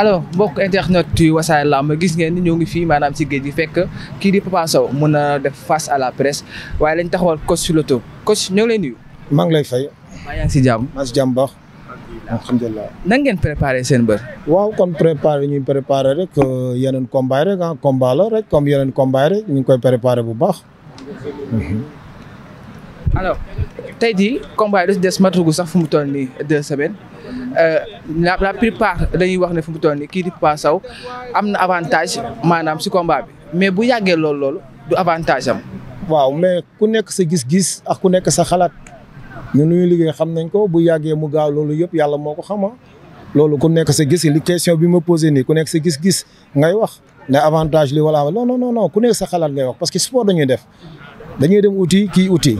alors mbokk internet yu wasaare ma gis ngeen ni ñoo ngi fii maanaam si géej gi fekk kii di Papa Sow a def face à la presse waaye lañ taxawal coach sur le top coach ñoo ngi lay nuyu. maa lay fay. maa yaa si jàmm. maa ngi si nan ngeen préparé seen bër. waaw kon préparé ñuy préparé rek euh, yeneen combat rek ah combat rek comme yeneen combat rek ñu ngi koy préparé bu baax. alors tey di combat yi da si des sax fu mu toll nii deux semaines euh, la la plupart dañuy wax ne fu mu toll nii kii di Papa Sow am na avantage maanaam si combat bi mais bu yàggee loolu loolu du avantage am. waaw mais ku nekk sa gis-gis ak ku nekk sa xalaat ñun ñu liggéey xam nañ ko bu yàggee mu gaaw loolu yëpp yàlla moo ko xama ah. loolu ku nekk sa gis li question bi ma posé nii ku nekk sa gis-gis ngay wax ne avantage li wala non non non ku nekk sa xalaat ngay wax parce que sport dañuy def dañuy dem uti kii uti.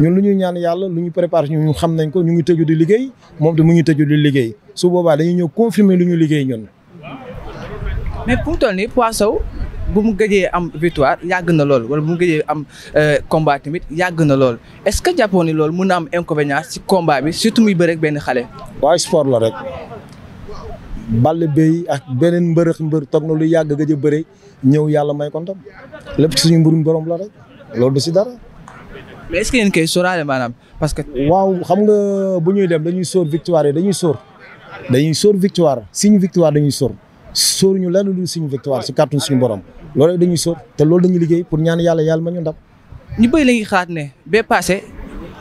ñun lu ñuy ñaan yàlla lu ñu préparé ñu xam nañ ko ñu ngi tëju di liggéey moom te mu ñu tëju di liggéey su boobaa dañuy ñëw confirmer lu ñu liggéey ñun. mais pour toll nii Papa Sow bu mu gëjee am victoire yàgg na lool wala bu mu gëjee am euh, combat tamit yàgg na lool est ce que jàppoon ni loolu mun na am inconvénient ci combat bi surtout muy bëre benn xale. waaye sport la rek. Balla Bèye ak beneen mbërëx mbër toog na lu yàgg gëj a ñëw yàlla may ko ndam lépp ci suñu mbirum borom la rek loolu du si dara. mais est ce que yéen koy sóoraale maanaam parce que. waaw xam nga bu ñuy dem dañuy sóor victoire yi dañuy sóor dañuy sóor victoire suñu victoire dañuy sóor sóor ñu lenn lu suñu victoire si kàttan suñu borom loolu dañuy sóor te loolu dañuy liggéey pour ñaan yàlla yàlla ma ñu ndam. ñu bëri la ñuy xaat ne bee passé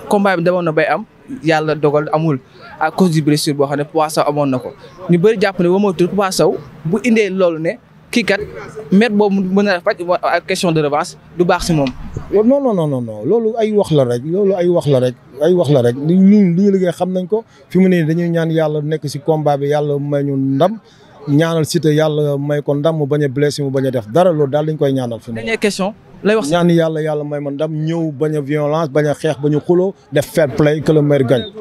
combat bi demoon na bay am yàlla dogal amul à cause du blessure boo xam ne Papa Sow amoon na ko ñu bëri jàpp ne wamatul Papa Sow bu indee loolu ne kii kat met boobu mën na faj question de revanche du baax si moom. non non non non loolu ay wax la rek loolu ay wax la rek ay wax la rek li li ñu liggéey xam nañ ko fi mu ne dañuy ñaan yàlla nekk si combat bi yàlla may ñu ndam ñaanal Siteu yàlla may ko ndam mu bañ a blessé mu bañ a def dara loolu daal dañ koy ñaanal fi mu ne. question lay wax ñaan yàlla yàlla may ma ndam ñëw bañ a violence bañ a xeex bañ a xuloo def fair lay que le maire gagne.